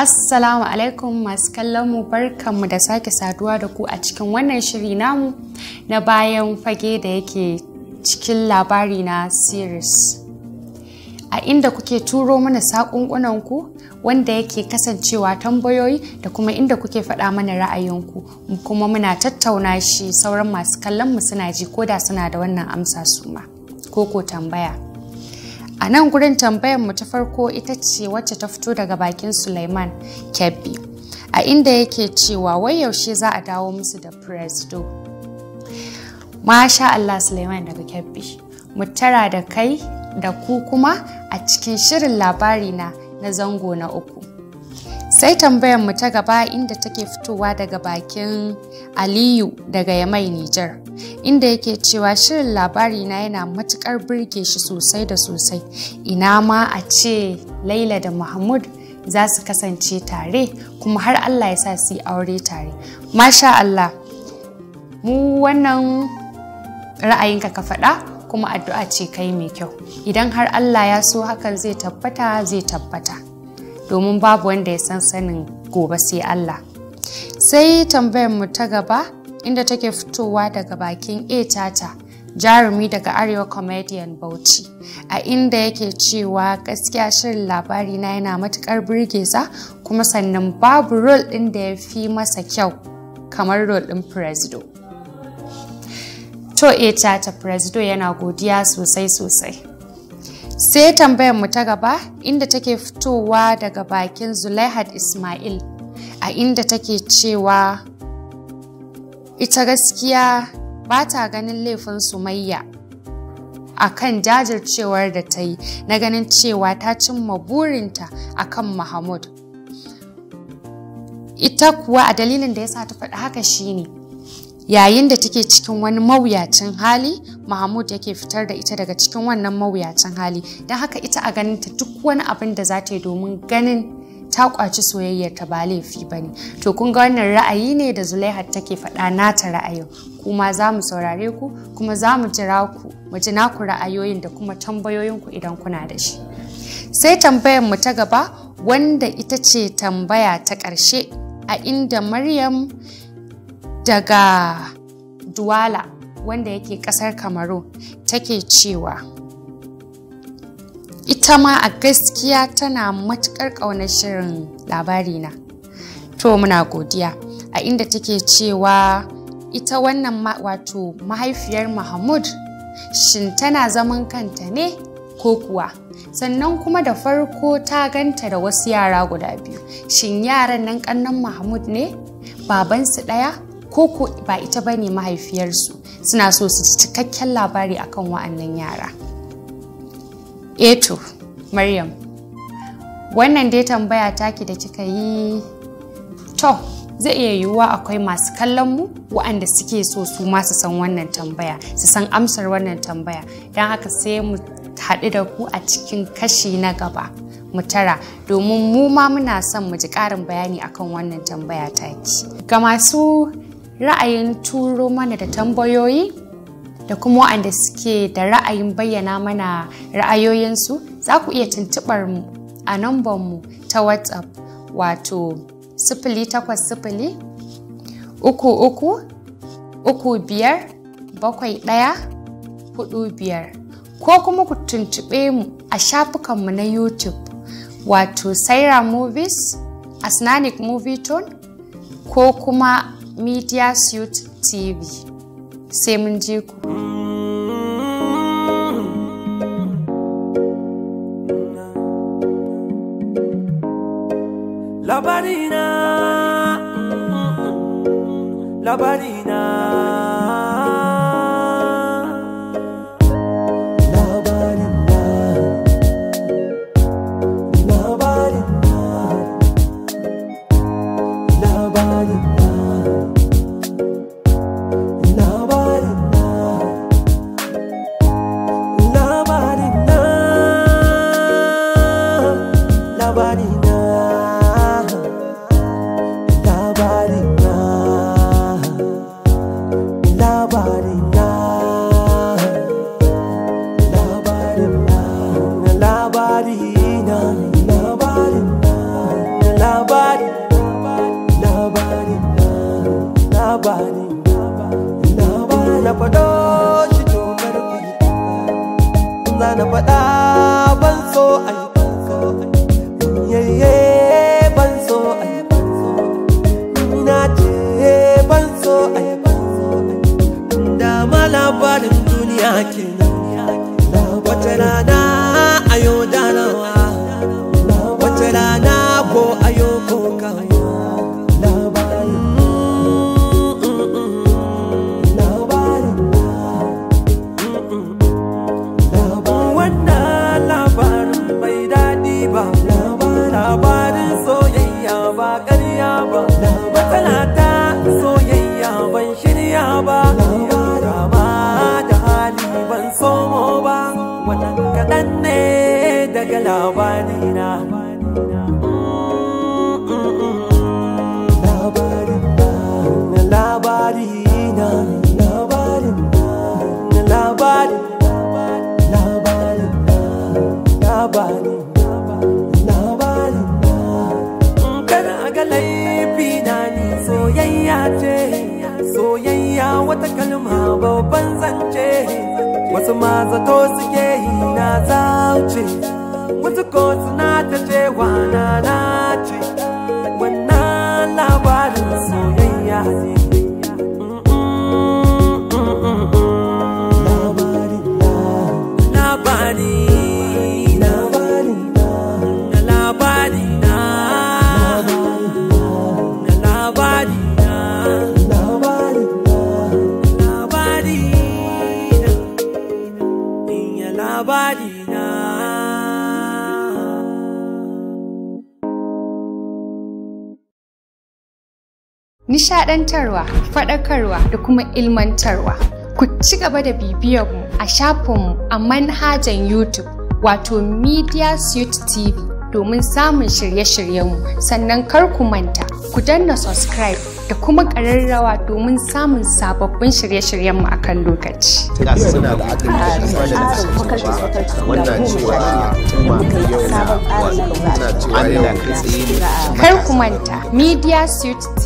Assalamu alaikum masu kallon mu barkanmu da sake saduwa da ku a cikin wannan shiri namu na bayan fage da yake cikin labari na series. A inda kuke turo mana ku wanda yake kasancewa tambayoyi da kuma inda kuke faɗa mana ra'ayinku kuma muna tattauna shi sauran masu kallon mu suna ji koda suna da wannan amsa suma ko ko tambaya. A nan gurin tambayar mu ta farko ita ce wacce ta fito daga bakin Suleiman Kebbi, a inda yake cewa wai yaushe za a dawo musu da Presdo. Masha Allah Suleiman daga Kebbi, mu tara da kai da ku kuma a cikin shirin labari na na zango na uku. sai tambayar mu ta gaba inda take fitowa daga bakin aliyu daga yamai nijar inda yake cewa shirin labari na yana matukar birge shi sosai da sosai ina ma a ce laila da mahmud za su kasance tare kuma har allah ya sa su aure tare masha allah mu wannan ra'ayinka ka faɗa kuma addu'a ce kai mai kyau idan har allah ya so hakan zai tabbata zai tabbata domin babu wanda ya san sanin gobe sai Allah. Sai tambayar mu ta gaba inda take fitowa daga bakin A tata jarumi daga Arewa Comedian Bauchi a inda yake cewa gaskiya shirin labari na yana matukar burgeza kuma sannan babu rol ɗin da ya fi masa kyau kamar rol ɗin Presido. To A tata Presido yana godiya sosai sosai. Sai tambayar mu ta gaba inda take fitowa daga bakin Zulaihat Ismail a inda take cewa ita gaskiya ba ta ganin laifin Sumayya a kan jajircewar da ta yi na ganin cewa ta cimma burinta a kan Mahmud. Ita kuwa a dalilin da ya sa ta faɗi haka shine yayin da take cikin wani mawuyacin hali mahmud yake fitar da ita daga cikin wannan mawuyacin hali don haka ita a ganin ta duk wani abin da za ta yi domin ganin ta kwaci soyayyar ta ba laifi ba ne to kun ga wannan ra'ayi ne da zulaihat take faɗa nata ra'ayin kuma za mu saurare ku kuma za mu jira ku mu ji naku ra'ayoyin da kuma tambayoyin ku idan kuna da shi sai tambayar mu ta gaba wanda ita ce tambaya ta ƙarshe a inda maryam daga duwala wanda yake kasar kamaru take cewa ita ma a gaskiya tana matukar ƙaunar shirin labarina to muna godiya a inda take cewa ita wannan wato mahaifiyar mahmud shin tana zaman kanta ne ko kuwa sannan kuma da farko ta ganta da wasu yara guda biyu shin yaran nan kannan mahmud ne babansu ɗaya ko ba ita bane mahaifiyarsu suna so su ci cikakken labari akan wa'annan yara eto eh maryam wannan dai tambaya taki da kika yi to zai iya yiwuwa akwai masu kallon mu waɗanda suke so su masu san wannan tambaya su san amsar wannan tambaya don haka sai mu haɗu da ku a cikin kashi na gaba mu tara domin mu ma muna son mu ji ƙarin bayani akan wannan tambaya taki ga masu ra'ayin turo mana da tambayoyi da kuma waɗanda suke da ra'ayin bayyana mana ra'ayoyinsu za ku iya tuntuɓar mu a mu ta whatsapp wato sifili takwas sifili uku uku uku biyar bakwai ɗaya hudu biyar ko kuma ku tuntuɓe mu a shafukanmu na youtube wato saira movies asnanic movie tone ko kuma media Suit tv sai mun je ku labarina labarina na faɗa ban so a yi ban a yi na ban a yi dama labarin duniya ke nan wata rana a yau danawa ba Rama da hali ban somo ba Wannan kaɗan ne daga mm, mm, mm. na, Labarina Labarina soyayya wata kalma babban zance wasu ma zato suke yi na zauce wasu ko suna ta cewa na nace wannan labarin soyayya ne nishadantarwa, faɗakarwa da kuma ilmantarwa. Ku ci gaba da bibiyarmu a shafinmu a manhajan YouTube wato Media Suite TV domin samun shirye-shiryenmu sannan kar ku manta ku danna subscribe da kuma ƙararrawa domin samun sababbin shirye-shiryenmu a kan lokaci. Kar ku manta Media Suite